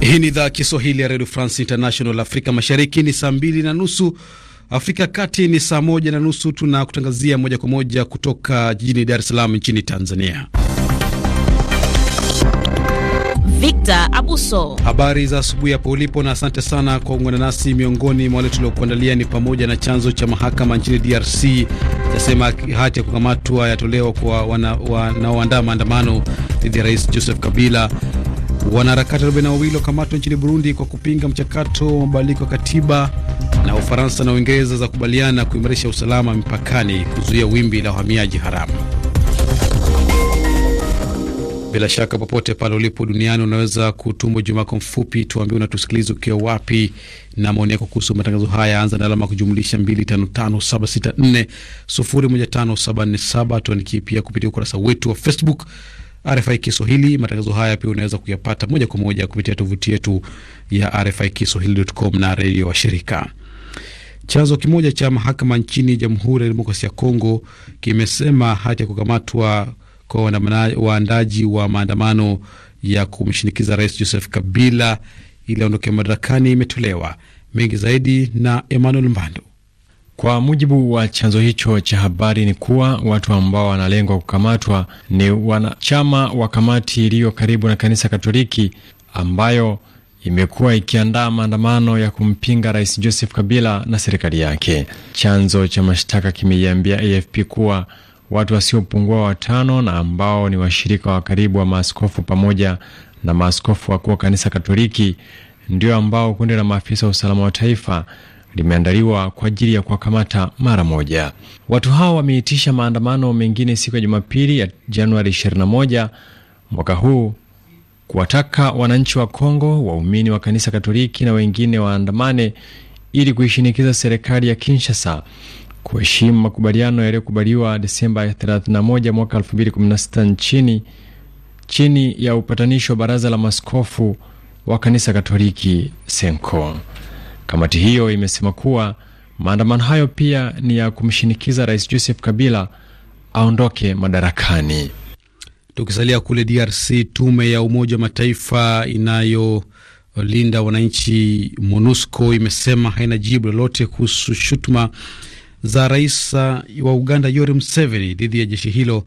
Hii ni idhaa ya Kiswahili ya redio France International. Afrika mashariki ni saa mbili na nusu, Afrika ya kati ni saa moja na nusu. Tunakutangazia moja kwa moja kutoka jijini Dar es Salaam nchini Tanzania. Victor Abuso, habari za asubuhi hapo ulipo, na asante sana kwa kuungana nasi. Miongoni mwa wale tuliokuandalia ni pamoja na chanzo cha mahakama nchini DRC chasema hati ya kukamatwa yatolewa kwa wanaoandaa wana maandamano dhidi ya rais Joseph Kabila Wanaharakati 42 wakamatwa nchini Burundi kwa kupinga mchakato wa mabadiliko ya katiba. Na Ufaransa na Uingereza za kubaliana kuimarisha usalama mipakani, kuzuia wimbi la uhamiaji haramu. Bila shaka popote pale ulipo duniani unaweza kutumbwa juma yako mfupi, tuambie unatusikiliza ukiwa wapi na maoni yako kuhusu matangazo haya. Anza na alama kujumlisha 255764015747. Tuandikie pia kupitia ukurasa wetu wa Facebook. RFI Kiswahili. Matangazo haya pia unaweza kuyapata moja kwa moja kupitia tovuti yetu ya RFI Kiswahili.com na redio wa shirika. Chanzo kimoja cha mahakama nchini Jamhuri ya Demokrasia ya Kongo kimesema hati ya kukamatwa kwa waandaji wa maandamano ya kumshinikiza Rais Joseph Kabila ili aondoke madarakani imetolewa. Mengi zaidi na Emmanuel Mbando. Kwa mujibu wa chanzo hicho cha habari ni kuwa watu ambao wanalengwa kukamatwa ni wanachama wa kamati iliyo karibu na kanisa Katoliki ambayo imekuwa ikiandaa maandamano ya kumpinga Rais Joseph Kabila na serikali yake. Chanzo cha mashtaka kimeiambia AFP kuwa watu wasiopungua watano na ambao ni washirika wa karibu wa maaskofu pamoja na maaskofu wakuu wa kanisa Katoliki ndio ambao kundi la maafisa wa usalama wa taifa limeandaliwa kwa ajili ya kuwakamata mara moja. Watu hao wameitisha maandamano mengine siku ya Jumapili ya Januari 21 mwaka huu kuwataka wananchi wa Kongo, waumini wa kanisa Katoliki na wengine waandamane ili kuishinikiza serikali ya Kinshasa kuheshimu makubaliano yaliyokubaliwa Desemba 31 mwaka 2016 nchini chini ya upatanisho wa baraza la maskofu wa kanisa Katoliki senko Kamati hiyo imesema kuwa maandamano hayo pia ni ya kumshinikiza Rais Joseph Kabila aondoke madarakani. Tukisalia kule DRC, tume ya Umoja wa Mataifa inayolinda wananchi MONUSCO imesema haina jibu lolote kuhusu shutuma za rais uh, wa Uganda Yoweri Museveni dhidi ya jeshi hilo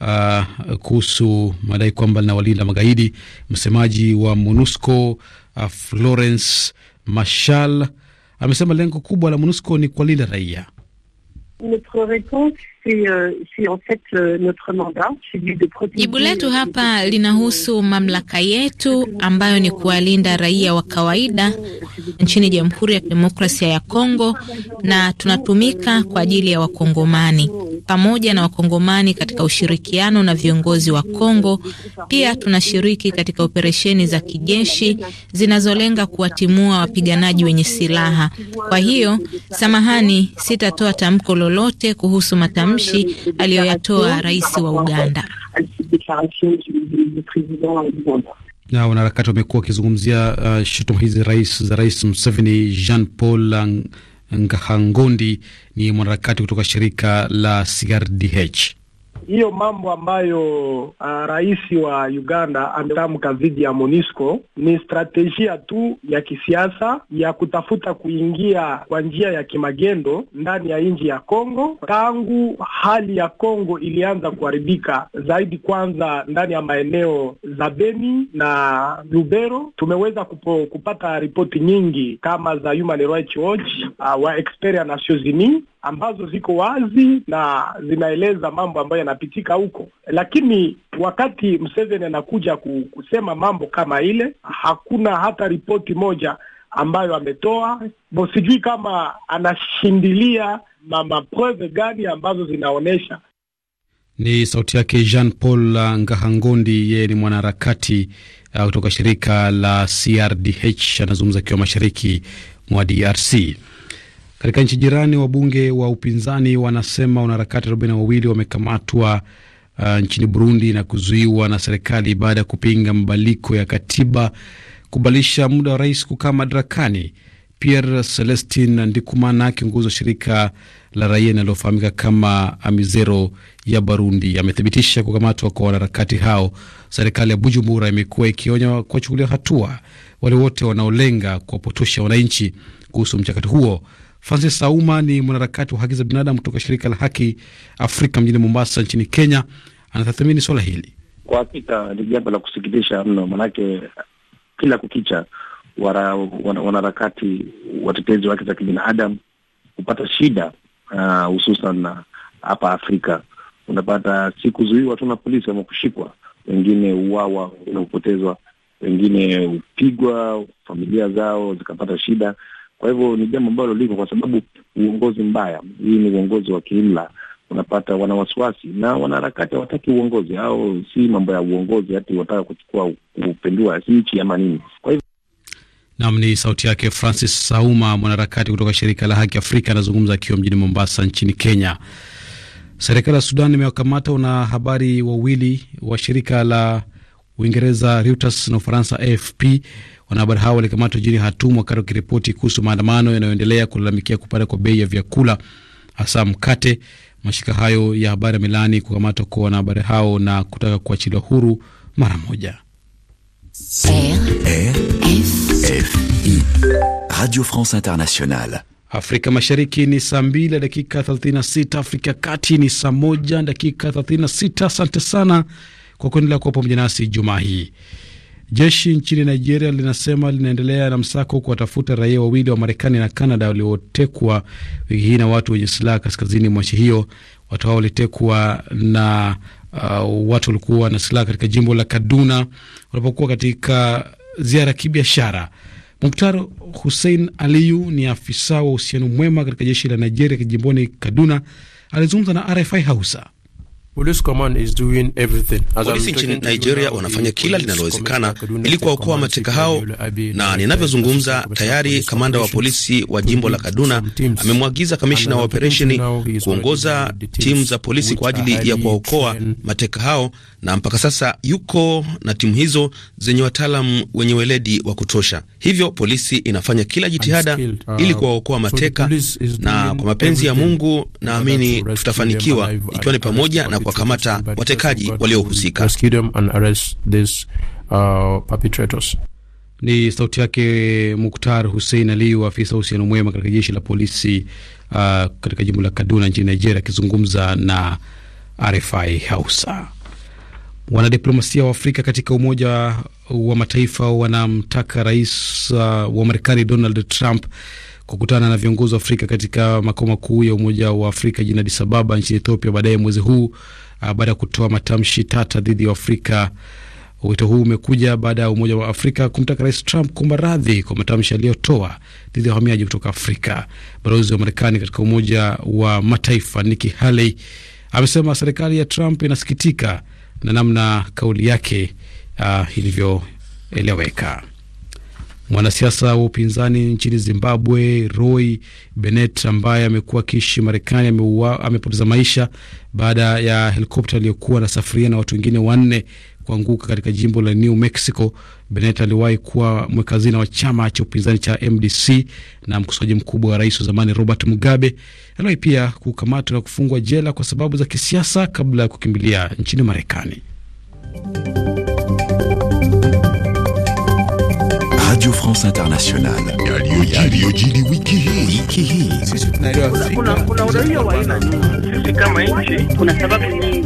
uh, kuhusu madai kwamba linawalinda magaidi. Msemaji wa MONUSCO uh, Florence Mashal amesema lengo kubwa la MONUSCO ni kuwalinda raia. Euh, euh, Jibu letu hapa linahusu mamlaka yetu ambayo ni kuwalinda raia wa kawaida nchini Jamhuri ya Kidemokrasia ya Kongo, na tunatumika kwa ajili ya Wakongomani pamoja na Wakongomani katika ushirikiano na viongozi wa Kongo. Pia tunashiriki katika operesheni za kijeshi zinazolenga kuwatimua wapiganaji wenye silaha. Kwa hiyo, samahani, sitatoa tamko lolote kuhusu matamshi matamshi aliyoyatoa rais wa Uganda. Na wanaharakati wamekuwa wakizungumzia uh, shutuma hizi rais za Rais Museveni. Jean Paul Ngahangondi ni mwanaharakati kutoka shirika la CRDH hiyo mambo ambayo uh, rais wa Uganda ametamka dhidi ya MONUSCO ni strategia tu ya kisiasa ya kutafuta kuingia kwa njia ya kimagendo ndani ya nchi ya Kongo tangu hali ya Kongo ilianza kuharibika zaidi, kwanza ndani ya maeneo za Beni na Lubero. Tumeweza kupo, kupata ripoti nyingi kama za Human Rights Watch, uh, wa Nations Unies ambazo ziko wazi na zinaeleza mambo ambayo yanapitika huko, lakini wakati Museveni anakuja kusema mambo kama ile, hakuna hata ripoti moja ambayo ametoa. Sijui kama anashindilia mapreve gani ambazo zinaonyesha ni sauti yake Jean Paul Ngahangondi, yeye ni mwanaharakati uh, kutoka shirika la CRDH anazungumza akiwa mashariki mwa DRC. Katika nchi jirani, wabunge wa upinzani wanasema wanaharakati arobaini na wawili wamekamatwa uh, nchini Burundi na kuzuiwa na serikali baada ya kupinga mabadiliko ya katiba kubadilisha muda wa rais kukaa madarakani. Pierre Celestin Ndikumana, kiongozi wa shirika la raia linalofahamika kama Amizero ya Burundi, amethibitisha kukamatwa kwa wanaharakati hao. Serikali ya Bujumbura imekuwa ikionya kuwachukulia hatua wale wote wanaolenga kuwapotosha wananchi kuhusu mchakato huo. Francis Auma ni mwanaharakati wa haki za binadamu kutoka shirika la Haki Afrika mjini Mombasa nchini Kenya. Anatathmini swala hili. Kwa hakika ni jambo la kusikitisha mno, manake kila kukicha wanaharakati wana watetezi wa haki za kibinadamu hupata shida, uh, hususan uh, hapa Afrika unapata si kuzuiwa tu na polisi ama kushikwa, wengine uwawa, wengine hupotezwa, wengine hupigwa, familia zao zikapata shida kwa hivyo ni jambo ambalo liko kwa sababu uongozi mbaya, hii ni uongozi wa kiimla. Unapata wana wasiwasi na wanaharakati hawataki uongozi au si mambo ya uongozi, hati wataka kuchukua kupendua nchi ama nini. Kwa hivyo Nam ni sauti yake Francis Sauma, mwanaharakati kutoka shirika la Haki Afrika, anazungumza akiwa mjini Mombasa nchini Kenya. Serikali ya Sudan imewakamata wanahabari wawili wa shirika la Uingereza Reuters na Ufaransa AFP Wanahabari hao walikamatwa jini Hatumu wakati wakiripoti kuhusu maandamano yanayoendelea kulalamikia kupanda kwa bei ya vyakula hasa mkate. Mashirika hayo ya habari yamelaani kukamatwa kwa wanahabari hao na kutaka kuachiliwa huru mara moja. RFI Radio France Internationale. Afrika Mashariki ni saa b na dakika 36, Afrika Kati ni saa 1 dakika 36. Asante sana kwa kuendelea kuwa pamoja nasi jumaa hii. Jeshi nchini Nigeria linasema linaendelea na msako kuwatafuta raia wawili wa Marekani na canada waliotekwa wiki hii na watu wenye silaha kaskazini mwa nchi hiyo. Watu hao walitekwa na uh, watu walikuwa na silaha katika jimbo la Kaduna walipokuwa katika ziara ya kibiashara. Muktar Hussein Aliyu ni afisa wa uhusiano mwema katika jeshi la Nigeria kijimboni Kaduna, alizungumza na RFI Hausa. Polisi nchini Nigeria wanafanya kila linalowezekana ili kuwaokoa mateka hao, na ninavyozungumza tayari kamanda wa polisi wa jimbo la Kaduna amemwagiza kamishna wa operesheni kuongoza timu za polisi kwa ajili ya kuwaokoa mateka hao na mpaka sasa yuko na timu hizo zenye wataalamu wenye weledi wa kutosha. Hivyo polisi inafanya kila jitihada uh, ili kuwaokoa mateka so na kwa mapenzi ya Mungu naamini tutafanikiwa, ikiwa ni pamoja na kuwakamata watekaji waliohusika. Uh, ni sauti yake Muktar Hussein aliu afisa uhusiano mwema katika jeshi la polisi uh, katika jimbo la Kaduna nchini Nigeria, akizungumza na RFI Hausa. Wanadiplomasia wa Afrika katika Umoja wa Mataifa wanamtaka rais uh, wa Marekani Donald Trump kukutana na viongozi wa Afrika katika makao makuu ya Umoja wa Afrika jijini Addis Ababa nchini Ethiopia baadaye mwezi huu uh, baada ya kutoa matamshi tata dhidi ya Afrika. Wito huu umekuja baada ya Umoja wa Afrika kumtaka Rais Trump kuomba radhi kwa matamshi aliyotoa dhidi ya wahamiaji kutoka Afrika. Balozi wa Marekani katika Umoja wa Mataifa Nikki Haley amesema serikali ya Trump inasikitika na namna kauli yake uh, ilivyoeleweka. Mwanasiasa wa upinzani nchini Zimbabwe Roy Bennett ambaye amekuwa akiishi Marekani amepoteza maisha baada ya helikopta aliyokuwa anasafiria na watu wengine wanne kuanguka katika jimbo la New Mexico. Bennett aliwahi kuwa mwekazina wa chama cha upinzani cha MDC na mkosoaji mkubwa wa rais wa zamani Robert Mugabe. Aliwahi pia kukamatwa na kufungwa jela kwa sababu za kisiasa kabla ya kukimbilia nchini Marekani. Radio France Internationale. Yaliyojili wiki Wiki Kuna kuna kuna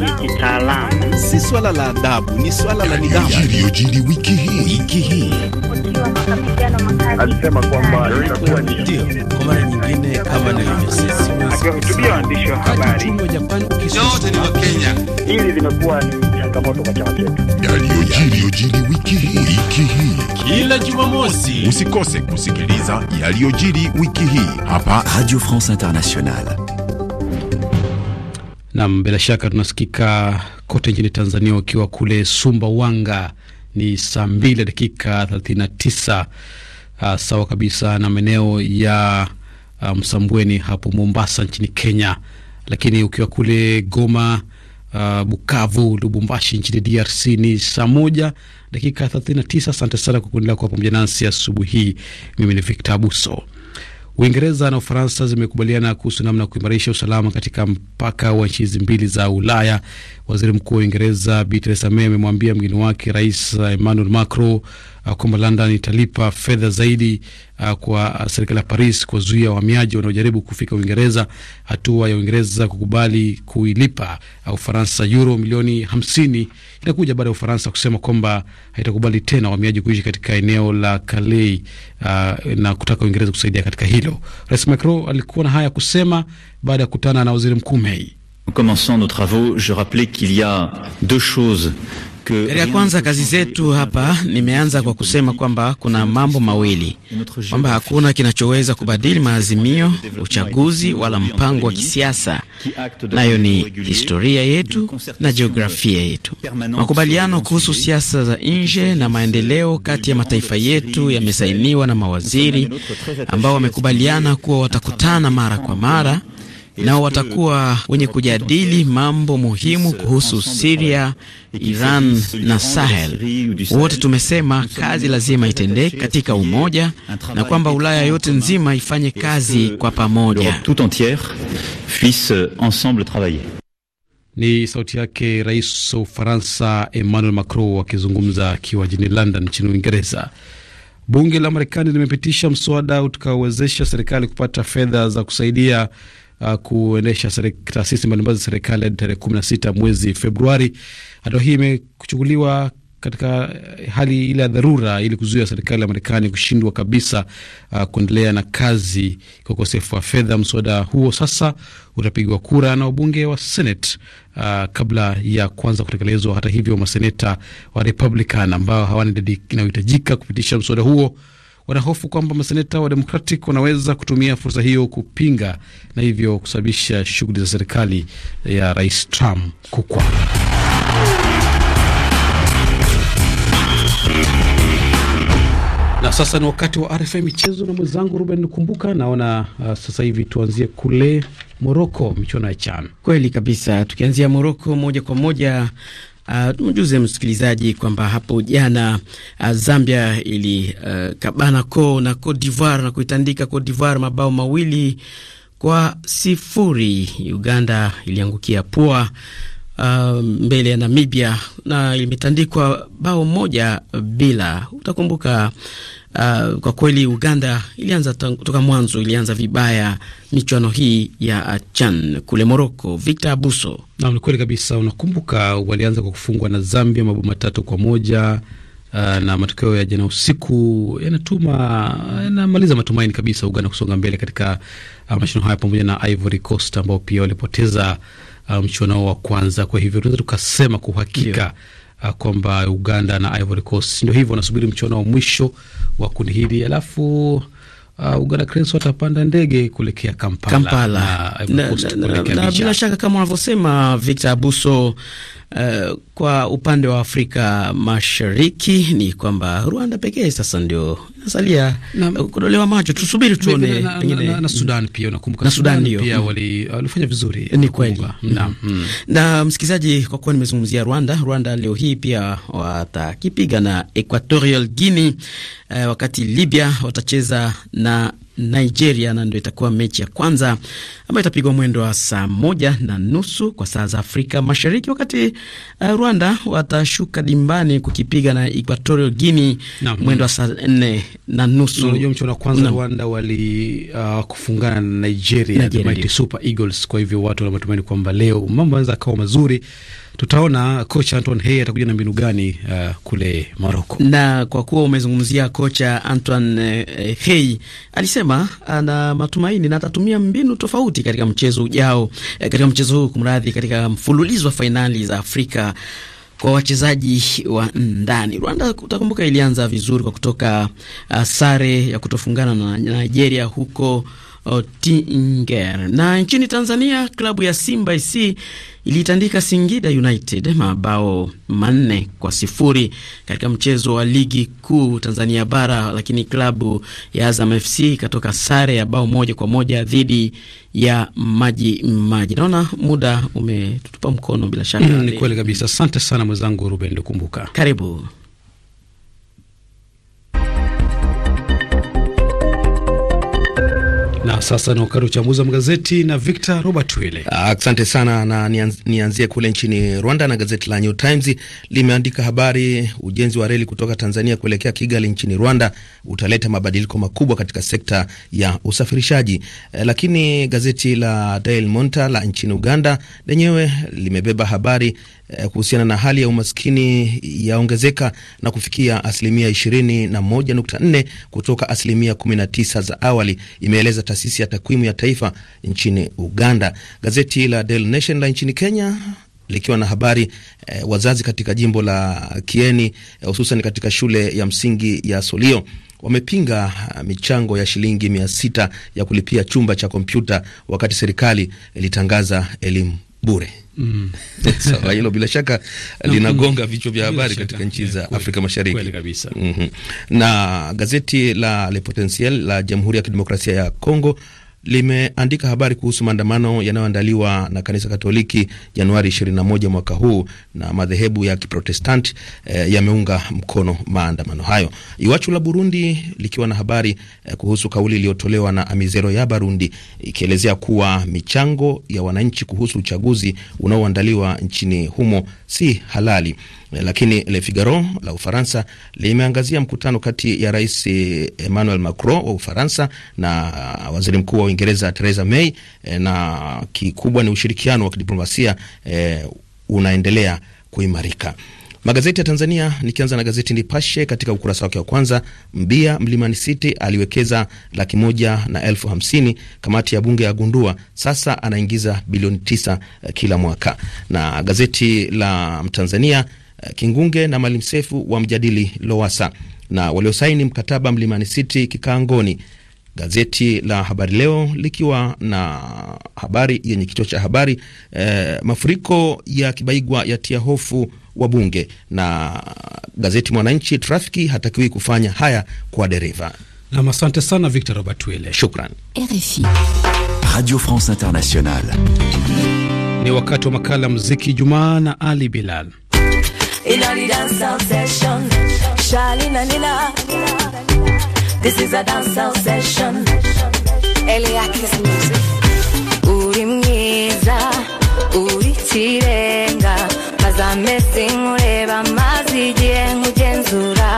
ni kitaalamu, si swala la adabu, ni swala la nidhamu. Iliyojiri wiki hii wiki hii alisema kwamba itakuwa ndio kwa mara nyingine, kama nilivyosema akiwahutubia waandishi wa habari, yote ni Wakenya. Hili limekuwa ni changamoto kwa chama chetu. Yaliyojiri wiki hii wiki hii kila Jumamosi, usikose kusikiliza yaliyojiri wiki hii hapa Radio France Internationale. Nam, bila shaka tunasikika kote nchini Tanzania, ukiwa kule Sumbawanga ni saa mbili dakika 39 uh, ah, sawa kabisa na maeneo ya ah, Msambweni hapo Mombasa nchini Kenya, lakini ukiwa kule Goma Uh, Bukavu, Lubumbashi nchini DRC ni saa moja dakika 39. Asante sana kwa kuendelea kuwa pamoja nasi asubuhi. Mimi ni Victor Abuso. Uingereza na Ufaransa zimekubaliana kuhusu namna ya kuimarisha usalama katika mpaka wa nchi hizi mbili za Ulaya. Waziri Mkuu wa Uingereza Bi Theresa May amemwambia mgeni wake Rais Emmanuel Macron uh, kwamba London italipa fedha zaidi uh, kwa serikali ya Paris kuwazuia wahamiaji wanaojaribu kufika Uingereza. Hatua ya Uingereza kukubali kuilipa uh, Ufaransa uh, euro milioni hamsini inakuja baada ya Ufaransa kusema kwamba haitakubali tena wahamiaji kuishi katika eneo la Calais uh, na kutaka Uingereza kusaidia katika hilo. Rais Macron alikuwa na haya kusema baada ya kukutana na waziri mkuu Mei. Nous commençons nos travaux. Je rappelais qu'il y a deux choses mara ya kwanza kazi zetu hapa, nimeanza kwa kusema kwamba kuna mambo mawili, kwamba hakuna kinachoweza kubadili maazimio, uchaguzi wala mpango wa kisiasa, nayo ni historia yetu na jiografia yetu. Makubaliano kuhusu siasa za nje na maendeleo kati ya mataifa yetu yamesainiwa na mawaziri ambao wamekubaliana kuwa watakutana mara kwa mara nao watakuwa wenye kujadili mambo muhimu kuhusu Siria, Iran na Sahel. Wote tumesema kazi lazima itendeke katika umoja na kwamba Ulaya yote nzima ifanye kazi kwa pamoja. Euh, Ni sauti yake Rais wa Ufaransa Emmanuel Macron akizungumza akiwa jijini London nchini Uingereza. Bunge la Marekani limepitisha mswada utakaowezesha serikali kupata fedha za kusaidia uh, kuendesha taasisi mbalimbali za serikali hadi tarehe sita mwezi Februari. Hatua hii imechukuliwa katika uh, hali ile ya dharura ili kuzuia serikali ya Marekani kushindwa kabisa uh, kuendelea na kazi kwa ukosefu wa fedha. Mswada huo sasa utapigwa kura na wabunge wa Senate uh, kabla ya kuanza kutekelezwa. Hata hivyo, maseneta wa Republican ambao hawana idadi inayohitajika kupitisha mswada huo wanahofu kwamba maseneta wa Democratic wanaweza kutumia fursa hiyo kupinga na hivyo kusababisha shughuli za serikali ya Rais Trump kukwa Na sasa ni wakati wa RFI michezo na mwenzangu Ruben Kumbuka. Naona uh, sasa hivi tuanzie kule Moroko, michuano ya CHAN. Kweli kabisa, tukianzia Moroko moja kwa moja Ah, tumjuze msikilizaji kwamba hapo jana uh, Zambia ili uh, ah, ko na Cote d'Ivoire na kuitandika Cote d'Ivoire mabao mawili kwa sifuri. Uganda iliangukia pua uh, mbele ya Namibia na limetandikwa bao moja bila. Utakumbuka Uh, kwa kweli Uganda ilianza toka mwanzo, ilianza vibaya michuano hii ya CHAN kule Moroko. Victor Abuso. Naam, ni kweli kabisa. Unakumbuka walianza kwa kufungwa na Zambia mabao matatu kwa moja. Uh, na matokeo ya jana usiku yanatuma yanamaliza matumaini kabisa Uganda kusonga mbele katika uh, mashindano haya pamoja na Ivory Coast ambao pia walipoteza uh, mchuano wa kwanza. Kwa hivyo tunaweza tukasema kwa uhakika yeah uh, kwamba Uganda na Ivory Coast ndio hivyo wanasubiri mchuano wa mwisho wa kundi hili alafu Uh, Uganda Cranes watapanda ndege kuelekea Kampala, Kampala. Na, na, na, na, na bila shaka kama wanavyosema Victor Abuso Uh, kwa upande wa Afrika Mashariki ni kwamba Rwanda pekee sasa ndio inasalia eh, kudolewa macho, tusubiri tuone, pengine na, na, na Sudan pia unakumbuka, na Sudan pia walifanya vizuri, eh, ni kweli na, mm. Mm-hmm. Na msikilizaji, kwa kuwa nimezungumzia Rwanda, Rwanda leo hii pia watakipiga na Equatorial Guinea, uh, wakati Libya watacheza na Nigeria, na ndio itakuwa mechi ya kwanza ambayo itapigwa mwendo wa saa moja na nusu kwa saa za Afrika Mashariki, wakati uh, Rwanda watashuka dimbani kukipiga na Equatorial Guinea mwendo wa saa nne na nusu. Unajua mchezo wa kwanza Rwanda wali uh, kufungana na Nigeria, Nigeria. Super Eagles. Kwa hivyo watu wana matumaini kwamba leo mambo yanaweza akawa mazuri Tutaona kocha Antoine Hey atakuja na mbinu gani uh, kule Moroko. Na kwa kuwa umezungumzia kocha Antoine eh, Hey, alisema ana matumaini na atatumia mbinu tofauti katika mchezo ujao, eh, katika mchezo huu kumradhi, katika mfululizo wa fainali za Afrika kwa wachezaji wa ndani. Rwanda utakumbuka ilianza vizuri kwa kutoka uh, sare ya kutofungana na Nigeria huko Otinger. Na nchini Tanzania klabu ya Simba SC ilitandika Singida United mabao manne kwa sifuri katika mchezo wa ligi kuu Tanzania bara, lakini klabu ya Azam FC ikatoka sare ya bao moja kwa moja dhidi ya maji maji. Naona muda umetutupa mkono, bila shaka mm, ni kweli kabisa. Asante sana mwenzangu Ruben Lukumbuka, karibu sasa ni wakati uchambuzi wa magazeti na Victor Robert Wile. Asante sana na nianzie kule nchini Rwanda na gazeti la New Times limeandika habari, ujenzi wa reli kutoka Tanzania kuelekea Kigali nchini Rwanda utaleta mabadiliko makubwa katika sekta ya usafirishaji. Eh, lakini gazeti la Daily Monitor la nchini Uganda lenyewe limebeba habari Eh, kuhusiana na hali ya umaskini yaongezeka na kufikia asilimia 21.4 kutoka asilimia 19 za awali, imeeleza taasisi ya takwimu ya taifa nchini Uganda. Gazeti la Daily Nation la nchini Kenya likiwa na habari eh, wazazi katika jimbo la Kieni eh, hususan eh, katika shule ya msingi ya Solio wamepinga eh, michango ya shilingi mia sita ya kulipia chumba cha kompyuta wakati serikali ilitangaza elimu bure. Mm. hilo bila shaka linagonga vichwa vya habari katika nchi za Afrika Mashariki. Kweli kabisa. Mm -hmm. Na gazeti la Le Potentiel la Jamhuri ya Kidemokrasia ya Kongo limeandika habari kuhusu maandamano yanayoandaliwa na kanisa Katoliki Januari 21 mwaka huu, na madhehebu ya Kiprotestant e, eh, yameunga mkono maandamano hayo. Iwachu la Burundi likiwa na habari e, kuhusu kauli iliyotolewa na Amizero ya Barundi ikielezea kuwa michango ya wananchi kuhusu uchaguzi unaoandaliwa nchini humo si halali. Lakini Le Figaro la Ufaransa limeangazia mkutano kati ya Rais Emmanuel Macron wa Ufaransa na Waziri Mkuu wa Uingereza Theresa May, eh, na kikubwa ni ushirikiano wa kidiplomasia eh, unaendelea kuimarika. Magazeti ya Tanzania, nikianza na gazeti Nipashe katika ukurasa wake wa kwanza, mbia Mlimani City aliwekeza laki moja na elfu hamsini kamati ya bunge ya gundua sasa anaingiza bilioni tisa eh, kila mwaka. Na gazeti la Mtanzania, eh, Kingunge na Maalim Sefu mjadili Lowasa na waliosaini mkataba Mlimani City kikaangoni. Gazeti la Habari Leo likiwa na habari yenye kichwa cha habari eh, mafuriko ya Kibaigwa yatia hofu wa bunge na gazeti Mwananchi, trafiki hatakiwi kufanya haya kwa dereva. Nam, asante sana Victor Robert Wile, shukran. RFI Radio France Internationale. Ni wakati wa makala mziki Jumaa na Ali Bilal. mwiza uri ikirenga nkureba amazi igihe nkugenzura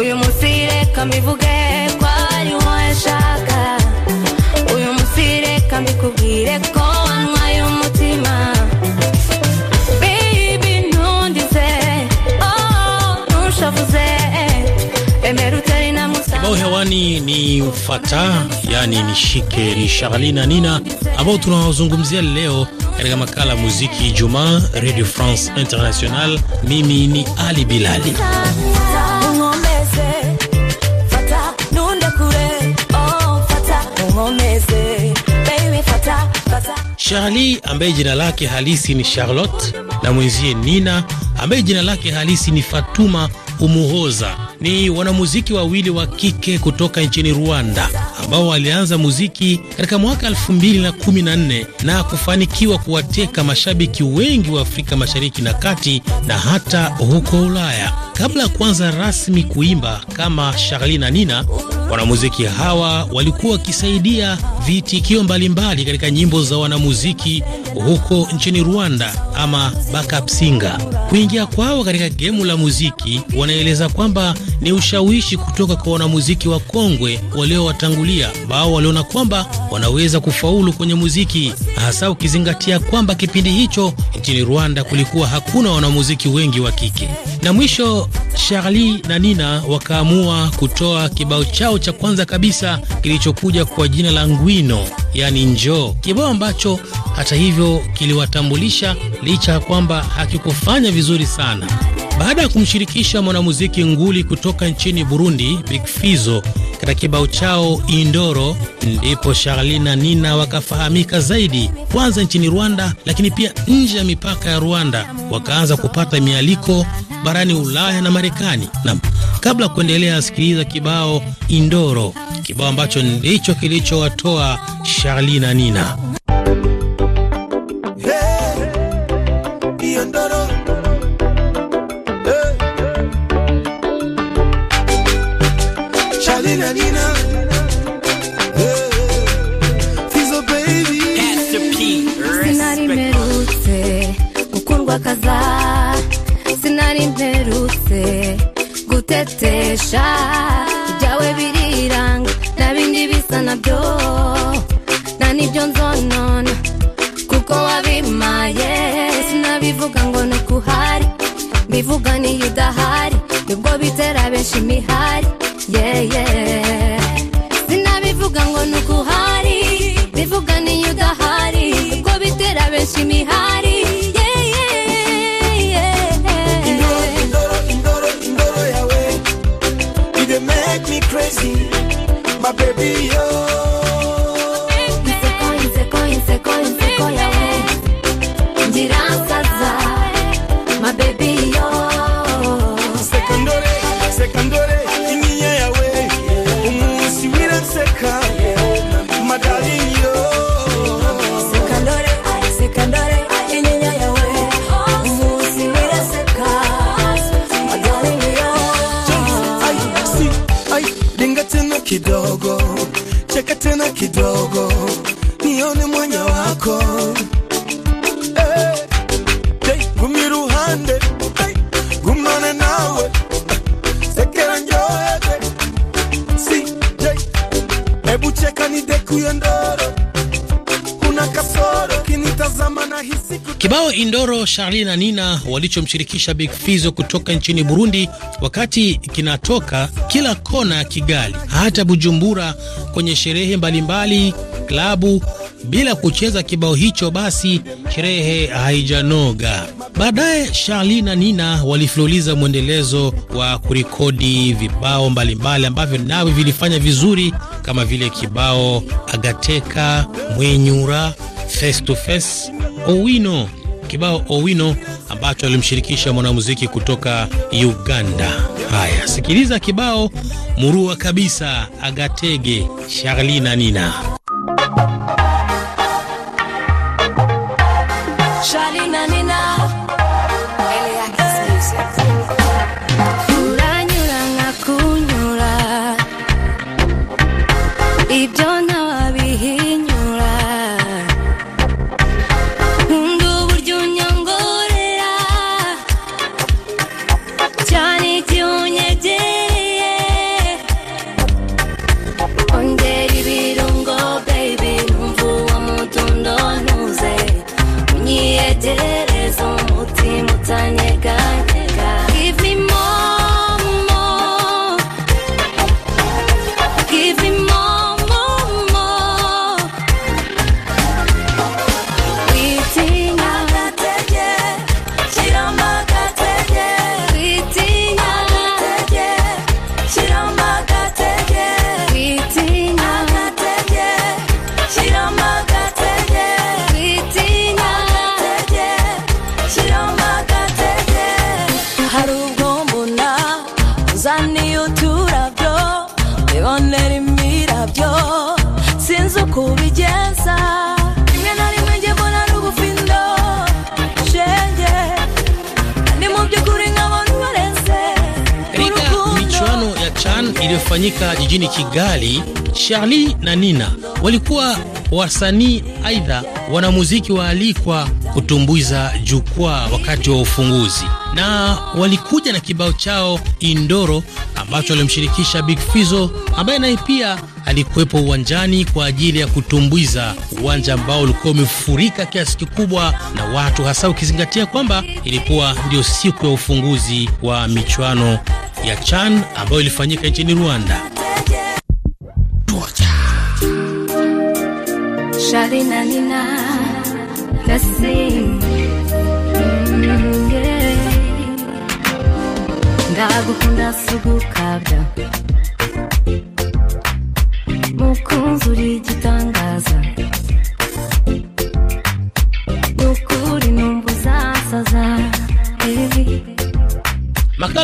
uyu munsi reka mbivuge ko ari wowe nshaka uyu munsi reka mbikubwire ko umutima ntundize oh, ntushavuze leo hewani ni Fata, yani nishike ni Sharli na Nina ambao tunawazungumzia leo katika makala muziki Ijumaa Radio France International. Mimi ni Ali Bilali. Sharli ambaye jina lake halisi ni Charlotte na mwenzie Nina ambaye jina lake halisi ni Fatuma Umuhoza ni wanamuziki wawili wa kike kutoka nchini Rwanda ambao walianza muziki katika mwaka 2014 na, na kufanikiwa kuwateka mashabiki wengi wa Afrika Mashariki na Kati na hata huko Ulaya. Kabla ya kuanza rasmi kuimba kama sharli na Nina, wanamuziki hawa walikuwa wakisaidia vitikio mbalimbali katika nyimbo za wanamuziki huko nchini Rwanda ama backup singer. Kuingia kwao katika gemu la muziki wanaeleza kwamba ni ushawishi kutoka kwa wanamuziki wa kongwe waliowatangulia ambao waliona kwamba wanaweza kufaulu kwenye muziki, hasa ukizingatia kwamba kipindi hicho nchini Rwanda kulikuwa hakuna wanamuziki wengi wa kike. Na mwisho, Charlie na Nina wakaamua kutoa kibao chao cha kwanza kabisa kilichokuja kwa jina la Ngwino, yani njoo, kibao ambacho hata hivyo kiliwatambulisha licha ya kwamba hakikufanya vizuri sana baada ya kumshirikisha mwanamuziki nguli kutoka nchini Burundi Big Fizo katika kibao chao Indoro, ndipo Sharli na Nina wakafahamika zaidi, kwanza nchini Rwanda, lakini pia nje ya mipaka ya Rwanda, wakaanza kupata mialiko barani Ulaya na Marekani. Nam, kabla ya kuendelea, sikiliza kibao Indoro, kibao ambacho ndicho kilichowatoa Sharli na Nina hey, hey, Nina Nina. Eh, Fizo baby. Sinari mperutse gukundwa kaza sinari mperutse gutetesha ibyawe biriranga nta kuko wabimaye sinabivuga ngo ni ukuhari mbivuga niyo udahari nibwo bitera benshi imihari yeah be yours. qui doit Indoro, Charli na Nina walichomshirikisha Big Fizo kutoka nchini Burundi, wakati kinatoka kila kona ya Kigali hata Bujumbura, kwenye sherehe mbalimbali klabu. Bila kucheza kibao hicho, basi sherehe haijanoga. Baadaye Charli na Nina walifululiza mwendelezo wa kurekodi vibao mbalimbali ambavyo nawe vilifanya vizuri kama vile kibao Agateka, Mwenyura, Face to Face, Owino kibao Owino ambacho alimshirikisha mwanamuziki kutoka Uganda. Haya, sikiliza kibao murua kabisa, Agatege Charlina Nina. iliyofanyika jijini Kigali, Charlie na Nina walikuwa wasanii aidha wanamuziki waalikwa kutumbuiza jukwaa wakati wa ufunguzi, na walikuja na kibao chao Indoro ambacho walimshirikisha Big Fizzo ambaye naye pia alikuwepo uwanjani kwa ajili ya kutumbuiza, uwanja ambao ulikuwa umefurika kiasi kikubwa na watu, hasa ukizingatia kwamba ilikuwa ndio siku ya ufunguzi wa michuano ya CHAN ambayo ilifanyika nchini Rwanda. ndagukunda mukunzi uri igitangaza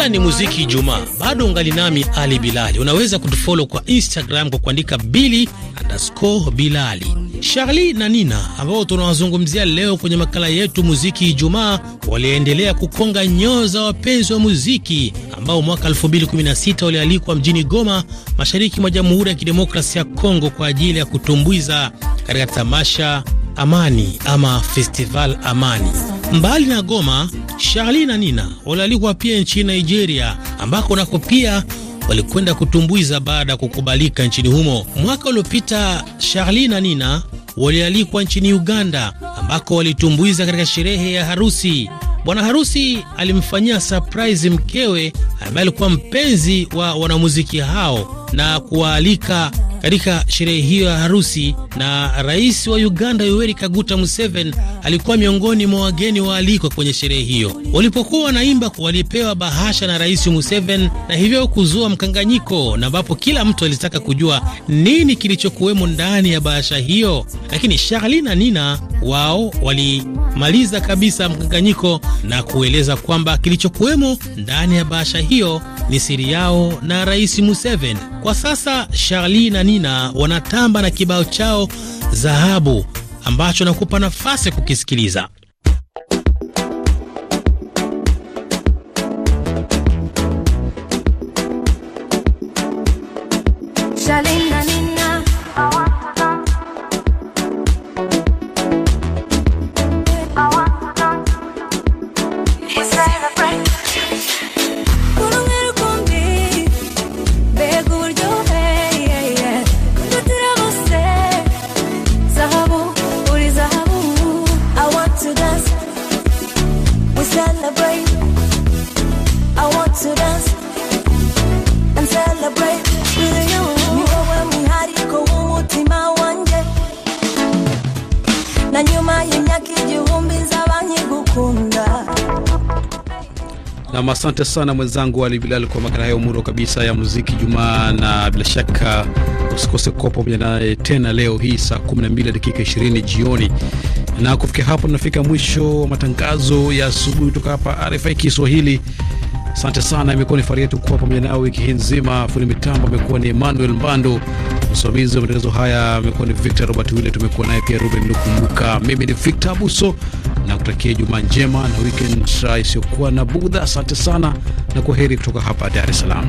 Haya ni muziki Ijumaa. Bado ungali nami Ali Bilali. Unaweza kutufolo kwa Instagram kwa kuandika bili underscore bilali. sharli na Nina ambao tunawazungumzia leo kwenye makala yetu muziki Ijumaa, waliendelea kukonga nyoo za wapenzi wa muziki ambao mwaka 2016 walialikwa mjini Goma, mashariki mwa Jamhuri ya kidemokrasi ya Kongo kwa ajili ya kutumbuiza katika tamasha Amani ama Festival Amani. Mbali na Goma, sharli na Nina walialikwa pia nchini Nigeria, ambako nako pia walikwenda kutumbuiza baada ya kukubalika nchini humo. Mwaka uliopita sharli na Nina walialikwa nchini Uganda, ambako walitumbuiza katika sherehe ya harusi. Bwana harusi alimfanyia surprise mkewe ambaye alikuwa mpenzi wa wanamuziki hao na kuwaalika katika sherehe hiyo ya harusi, na rais wa Uganda Yoweri Kaguta Museveni alikuwa miongoni mwa wageni waalikwa kwenye sherehe hiyo. Walipokuwa wanaimba, walipewa bahasha na rais Museveni na hivyo kuzua mkanganyiko, na ambapo kila mtu alitaka kujua nini kilichokuwemo ndani ya bahasha hiyo, lakini Charli na Nina wao walimaliza kabisa mkanganyiko na kueleza kwamba kilichokuwemo ndani ya bahasha hiyo ni siri yao na rais Museveni. Kwa sasa Charli na Nina Jiji na wanatamba na kibao chao Dhahabu ambacho nakupa nafasi ya kukisikiliza. Nam, asante sana mwenzangu Ali Bilal kwa makala hayo muro kabisa ya muziki Jumaa, na bila shaka usikose kuwa pamoja naye tena leo hii saa 12 dakika 20 jioni. Na kufikia hapo, tunafika mwisho wa matangazo ya asubuhi kutoka hapa RFI Kiswahili. Asante sana, imekuwa ni fahari yetu kuwa pamoja nao wiki hii nzima. Fundi mitambo amekuwa ni Emmanuel Mbando, msimamizi wa matangazo haya amekuwa ni Victor Robert Wile, tumekuwa naye pia Ruben Lukumbuka. Mimi ni Victor Abuso, na kutakia Ijumaa njema na wikend isiyokuwa na budha. Asante sana na kwa heri kutoka hapa Dar es Salaam.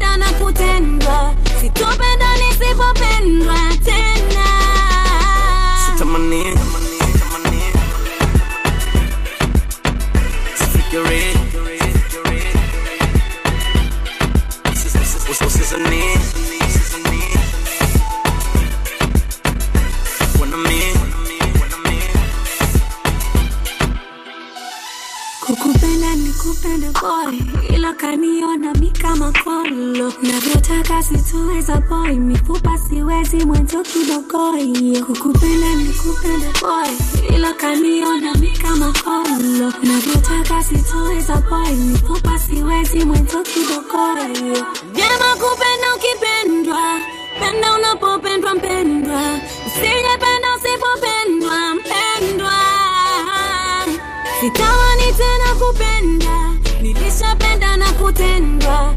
kupenda na kutendwa, sitopenda nisipopendwa mpenzi mwenzio kibokoi, kukupenda ni kupenda boy, ila kaniona mi kama kolo, navyotaka sitoweza boy, nipopa siwezi mwenzio kibokoi. Vyema kupenda ukipendwa, penda unapopendwa mpendwa, usijependa usipopendwa mpendwa, sitawani tena kupenda, nilishapenda na kutendwa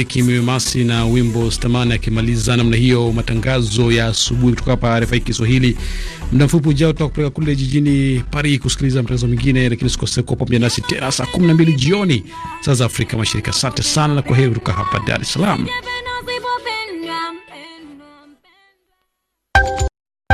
mwanamuziki Mwiomasi na wimbo Stamani, akimaliza namna hiyo matangazo ya asubuhi kutoka hapa RFI Kiswahili. Muda mfupi ujao tutakupeleka kule jijini Paris kusikiliza matangazo mengine, lakini usikose kuwa pamoja nasi tena saa 12 jioni saa za Afrika Mashariki. Asante sana na kwa heri kutoka hapa Dar es Salaam.